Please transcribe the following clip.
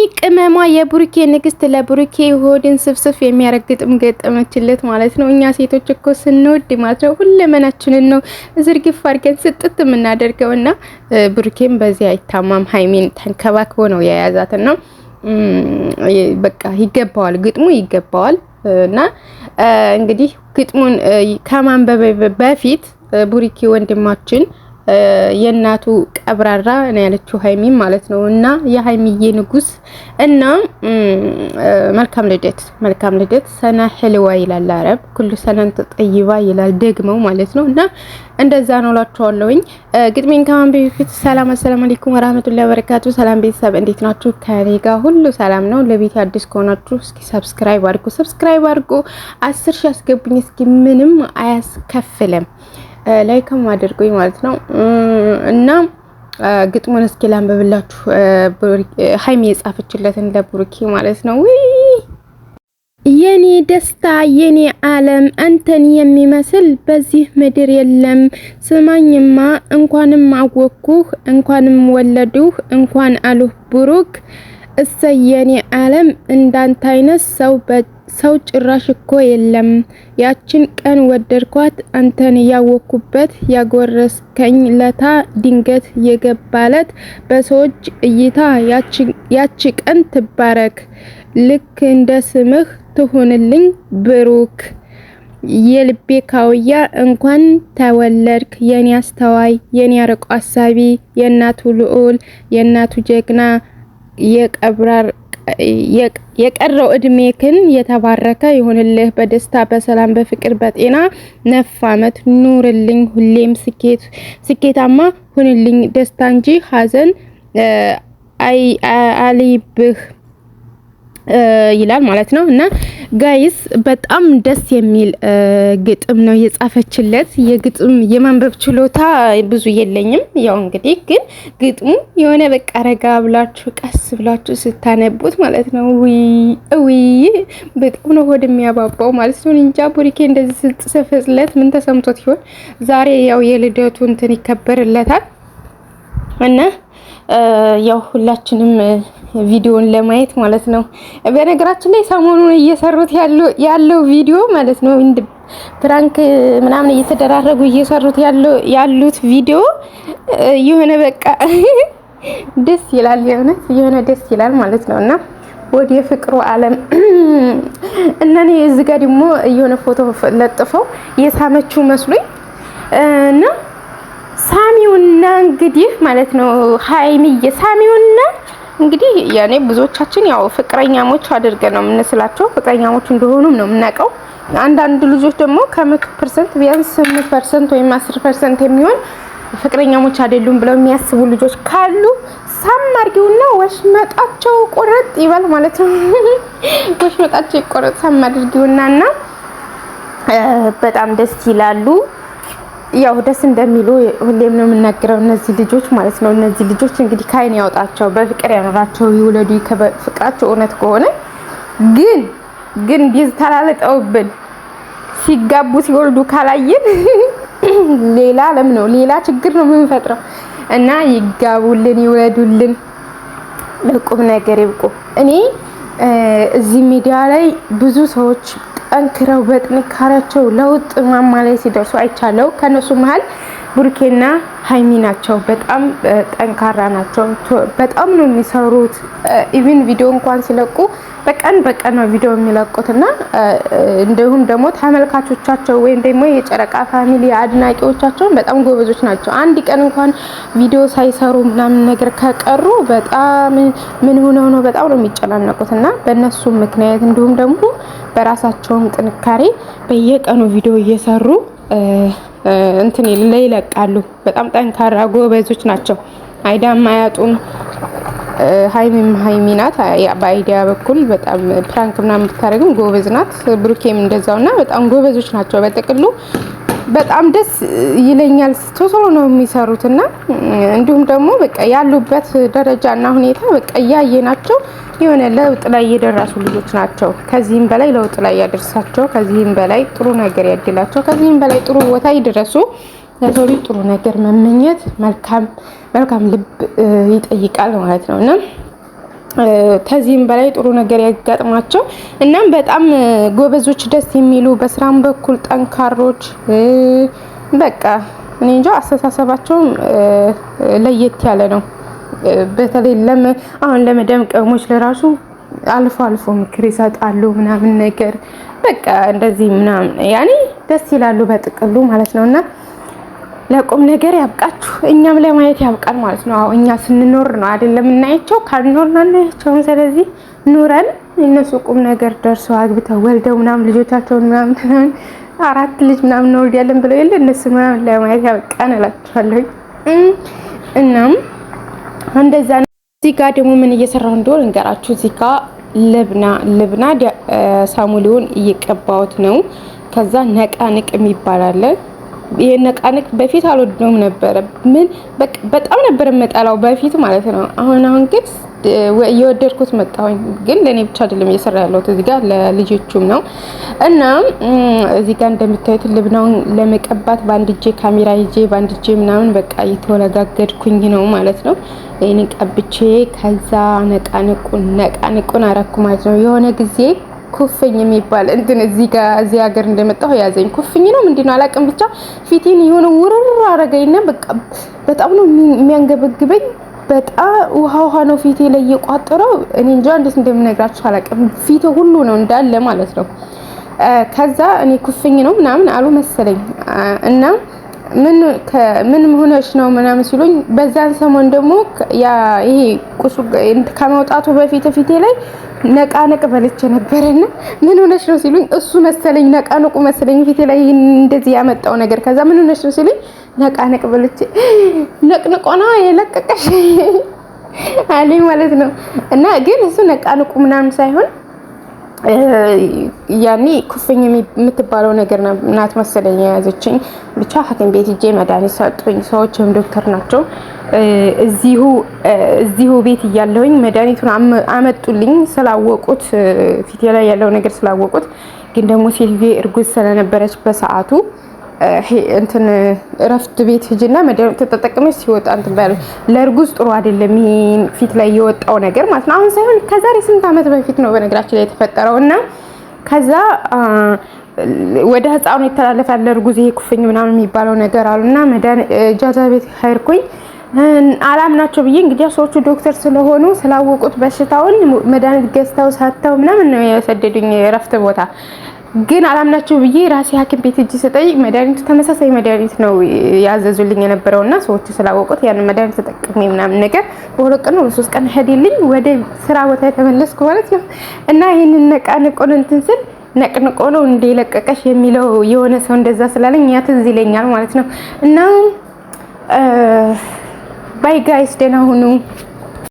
እንግዲህ ቅመሟ የብሩኬ ንግስት ለብሩኬ ሆድን ስብስብ የሚያረግ ገጠመችለት ማለት ነው። እኛ ሴቶች እኮ ስንወድ ማለት ነው ሁለመናችንን ነው ዝርግፍ አድርገን ስጥት የምናደርገው እና ብሩኬም በዚህ አይታማም። ሀይሜን ተንከባክቦ ነው ነው በቃ ይገባዋል፣ ግጥሙ ይገባዋል። እና እንግዲህ ግጥሙን ከማንበብ በፊት ቡሪኪ ወንድማችን የእናቱ ቀብራራ ነው ያለችው ሀይሚም ማለት ነው። እና የሀይሚዬ ንጉስ እና መልካም ልደት መልካም ልደት ሰና ህልዋ ይላል አረብ ኩሉ ሰነን ተጠይባ ይላል ደግመው ማለት ነው። እና እንደዛ ነው ላችኋለሁኝ። ግጥሜን ከማን በፊት ሰላም አሰላም አለይኩም ወራህመቱላሂ ወበረካቱ። ሰላም ቤተሰብ እንዴት ናችሁ? ከኔ ጋር ሁሉ ሰላም ነው። ለቤት አዲስ ከሆናችሁ እስኪ ሰብስክራይብ አድርጉ፣ ሰብስክራይብ አድርጉ። አስር ሺህ አስገቡኝ እስኪ ምንም አያስከፍልም። ላይክም አድርጉኝ ማለት ነው እና ግጥሙን እስኪ ላንብብላችሁ ሀይሚ የጻፈችለትን ለብሩኬ ማለት ነው። የኔ ደስታ የኔ ዓለም አንተን የሚመስል በዚህ ምድር የለም። ስማኝማ እንኳንም አወኩህ እንኳንም ወለዱህ እንኳን አሉህ ብሩክ እሰይ የኔ ዓለም እንዳንተ አይነት ሰው ሰው ጭራሽ እኮ የለም። ያችን ቀን ወደድኳት አንተን ያወኩበት ያጎረስከኝ ለታ ድንገት የገባለት በሰዎች እይታ ያቺ ቀን ትባረክ፣ ልክ እንደ ስምህ ትሁንልኝ ብሩክ የልቤ ካውያ እንኳን ተወለድክ የኔ አስተዋይ፣ የኔ አርቆ አሳቢ፣ የእናቱ ልዑል፣ የእናቱ ጀግና የቀረው እድሜ ክን የተባረከ ይሁንልህ፣ በደስታ በሰላም በፍቅር በጤና ነፍ አመት ኑርልኝ፣ ሁሌም ስኬታማ ሁንልኝ፣ ደስታ እንጂ ሀዘን አልይብህ ይላል ማለት ነው። እና ጋይስ በጣም ደስ የሚል ግጥም ነው የጻፈችለት። የግጥም የማንበብ ችሎታ ብዙ የለኝም፣ ያው እንግዲህ ግን ግጥሙ የሆነ በቃ ረጋ ብላችሁ ቀስ ብላችሁ ስታነቡት ማለት ነው ውይ በጣም ነው ሆድ የሚያባባው ማለት ነው። እንጃ ቡሪኬ እንደዚህ ስትጽፍለት ምን ተሰምቶት ይሆን? ዛሬ ያው የልደቱ እንትን ይከበርለታል እና ያው ሁላችንም ቪዲዮን ለማየት ማለት ነው። በነገራችን ላይ ሰሞኑን እየሰሩት ያለው ያለው ቪዲዮ ማለት ነው እንድ ፕራንክ ምናምን እየተደራረጉ እየሰሩት ያለው ያሉት ቪዲዮ የሆነ በቃ ደስ ይላል፣ የእውነት የሆነ ደስ ይላል ማለት ነው እና ወደ ፍቅሩ ዓለም እና እኔ እዚህ ጋር ደግሞ የሆነ ፎቶ ለጥፈው የሳመችው መስሎኝ እና ሳሚውና እንግዲህ ማለት ነው ሀይሚዬ ሳሚውና እንግዲህ ያኔ ብዙዎቻችን ያው ፍቅረኛሞች አድርገን ነው የምንስላቸው። ፍቅረኛሞች እንደሆኑም ነው የምናውቀው። አንዳንድ ልጆች ደግሞ ከመቶ ፐርሰንት ቢያንስ ስምንት ፐርሰንት ወይም አስር ፐርሰንት የሚሆን ፍቅረኛሞች አይደሉም ብለው የሚያስቡ ልጆች ካሉ ሳም አድርጊውና ወሽመጣቸው ቁረጥ ይበል ማለት ነው። ወሽመጣቸው ይቆረጥ ሳም አድርጊውና እና በጣም ደስ ይላሉ። ያው ደስ እንደሚሉ ሁሌም ነው የምናገረው። እነዚህ ልጆች ማለት ነው እነዚህ ልጆች እንግዲህ ከአይን ያወጣቸው በፍቅር ያኖራቸው፣ ይውለዱ። ፍቅራቸው እውነት ከሆነ ግን ግን ቢዝ ተላለጠውብን ሲጋቡ ሲወልዱ ካላየን ሌላ አለም ነው፣ ሌላ ችግር ነው የምንፈጥረው። እና ይጋቡልን፣ ይውለዱልን፣ ለቁም ነገር ይብቁ። እኔ እዚህ ሚዲያ ላይ ብዙ ሰዎች ጠንክረው በጥንካሬያቸው ለውጥ ማማ ላይ ሲደርሱ አይቻለው። ከነሱ መሀል ቡርኬና ሀይሚ ናቸው። በጣም ጠንካራ ናቸው። በጣም ነው የሚሰሩት። ኢቭን ቪዲዮ እንኳን ሲለቁ በቀን በቀን ነው ቪዲዮ የሚለቁት እና እንዲሁም ደግሞ ተመልካቾቻቸው ወይም ደግሞ የጨረቃ ፋሚሊ አድናቂዎቻቸውን በጣም ጎበዞች ናቸው። አንድ ቀን እንኳን ቪዲዮ ሳይሰሩ ምናምን ነገር ከቀሩ በጣም ምን ሆነው ነው በጣም ነው የሚጨናነቁት እና በእነሱ ምክንያት እንዲሁም ደግሞ በራሳቸውም ጥንካሬ በየቀኑ ቪዲዮ እየሰሩ እንትን ይለቃሉ። በጣም ጠንካራ ጎበዞች ናቸው። አይዳም አያጡም። ሀይሚም ሀይሚ ናት። በአይዲያ በኩል በጣም ፕራንክ ምናምን ብታደርግም ጎበዝ ናት። ብሩኬም እንደዛው እና በጣም ጎበዞች ናቸው። በጥቅሉ በጣም ደስ ይለኛል። ቶሎ ነው የሚሰሩት እና እንዲሁም ደግሞ በቃ ያሉበት ደረጃና ሁኔታ በቃ እያየ ናቸው የሆነ ለውጥ ላይ የደረሱ ልጆች ናቸው። ከዚህም በላይ ለውጥ ላይ ያደርሳቸው፣ ከዚህም በላይ ጥሩ ነገር ያድላቸው፣ ከዚህም በላይ ጥሩ ቦታ ይድረሱ። ለሰው ልጅ ጥሩ ነገር መመኘት መልካም መልካም ልብ ይጠይቃል ማለት ነው እና ከዚህም በላይ ጥሩ ነገር ያጋጥማቸው። እናም በጣም ጎበዞች፣ ደስ የሚሉ በስራም በኩል ጠንካሮች፣ በቃ እኔ እንጃ አስተሳሰባቸውም ለየት ያለ ነው። በተለይ አሁን ለመደም ቅመሞች ለራሱ አልፎ አልፎ ምክር ይሰጣሉ ምናምን ነገር በቃ እንደዚህ ምናምን ያኔ ደስ ይላሉ በጥቅሉ ማለት ነው እና ለቁም ነገር ያብቃችሁ፣ እኛም ለማየት ያብቃል ማለት ነው። አዎ እኛ ስንኖር ነው አይደለም እናያቸው፣ ካልኖር አናያቸውም። ስለዚህ ኑረን እነሱ ቁም ነገር ደርሰው አግብተው ወልደው ምናምን ልጆቻቸውን ምናምን አራት ልጅ ምናምን እንወልዳለን ብለው የለ እነሱ ምናምን ለማየት ያብቃን እላችኋለሁ እናም እንደዛ ነው። እዚህ ጋር ደግሞ ምን እየሰራሁ እንደሆነ እንገራችሁ። እዚህ ጋር ልብና ልብና ሳሙሊውን እየቀባሁት ነው። ከዛ ነቃንቅ የሚባል አለ። ይሄ ነቃንቅ በፊት አልወደውም ነበረ። ምን በጣም ነበር የምጠላው በፊት ማለት ነው። አሁን አሁን ግን እየወደድኩት መጣሁኝ። ግን ለእኔ ብቻ አይደለም እየሰራ ያለሁት እዚህ ጋር ለልጆቹም ነው እና እዚህ ጋር እንደምታዩት ልብናውን ለመቀባት በአንድ እጄ ካሜራ ይዤ በአንድ እጄ ምናምን በቃ እየተወለጋገድኩኝ ነው ማለት ነው። ይህን ቀብቼ ከዛ ነቃንቁን ነቃንቁን አረኩ ማለት ነው። የሆነ ጊዜ ኩፍኝ የሚባል እንትን እዚህ ጋር እዚህ ሀገር እንደመጣሁ ያዘኝ። ኩፍኝ ነው ምንድን አላውቅም፣ ብቻ ፊቴን የሆነ ውርር አረገኝና በቃ በጣም ነው የሚያንገበግበኝ በጣም ውሃ ውሃ ነው ፊቴ ላይ የቋጠረው። እኔ እንጃ እንዴት እንደምነግራችሁ አላውቅም። ፊቴ ሁሉ ነው እንዳለ ማለት ነው። ከዛ እኔ ኩፍኝ ነው ምናምን አሉ መሰለኝ እና ምን ሆነች ነው ምናምን ሲሉኝ፣ በዛን ሰሞን ደግሞ ይሄ ቁሱ ከመውጣቱ በፊት ፊቴ ላይ ነቃነቅ በልቼ ነበረና ምን ሆነሽ ነው ሲሉኝ፣ እሱ መሰለኝ ነቃነቁ መሰለኝ ፊቴ ላይ እንደዚህ ያመጣው ነገር። ከዛ ምን ሆነሽ ነው ሲሉኝ፣ ነቃነቅ በልቼ ነቅንቆ ነው የለቀቀሽ አለኝ ማለት ነው። እና ግን እሱ ነቃነቁ ምናምን ሳይሆን ያኔ ኩፍኝ የምትባለው ነገር ናት መሰለኝ የያዘችኝ ብቻ ሐኪም ቤት እጄ መድኃኒት ሰጡኝ። ሰዎችም ዶክተር ናቸው። እዚሁ እዚሁ ቤት እያለሁኝ መድኃኒቱን አመጡልኝ። ስላወቁት ፊቴ ላይ ያለው ነገር ስላወቁት፣ ግን ደግሞ ሴትዬ እርጉዝ ስለነበረች በሰዓቱ እንትን እረፍት ቤት ሂጂና መድኃኒቱ ተጠቅመሽ ሲወጣ እንትን ባለ ለእርጉዝ ጥሩ አይደለም። ይሄን ፊት ላይ የወጣው ነገር ማለት ነው። አሁን ሳይሆን ከዛሬ ስንት ዓመት በፊት ነው በነገራችን ላይ የተፈጠረው እና ከዛ ወደ ህፃኑ ይተላለፋል። እርጉዝ ይሄ ኩፍኝ ምናምን የሚባለው ነገር አሉና መዳን ጃዛ ቤት ሄድኩኝ። አላምናቸው ብዬ እንግዲያ ሰዎቹ ዶክተር ስለሆኑ ስላወቁት በሽታውን መድኃኒት ገዝተው ሰጥተው ምናምን ነው የሰደዱኝ እረፍት ቦታ። ግን አላምናቸው ብዬ ራሴ ሐኪም ቤት እጅ ስጠይቅ መድኃኒቱ ተመሳሳይ መድኃኒት ነው ያዘዙልኝ የነበረው እና ሰዎቹ ስላወቁት ያን መድኃኒት ተጠቅሜ ምናምን ነገር በሁለት ቀን በሶስት ቀን ሄድልኝ ወደ ስራ ቦታ የተመለስኩ ማለት ነው እና ይህንን ነቃ እንትን ስል ነቅንቆ ነው እንደ የሚለው የሆነ ሰው እንደዛ ስላለኝ ያ ትዝ ይለኛል ማለት ነው። እና ባይ ጋይስ ደህና ሁኑ።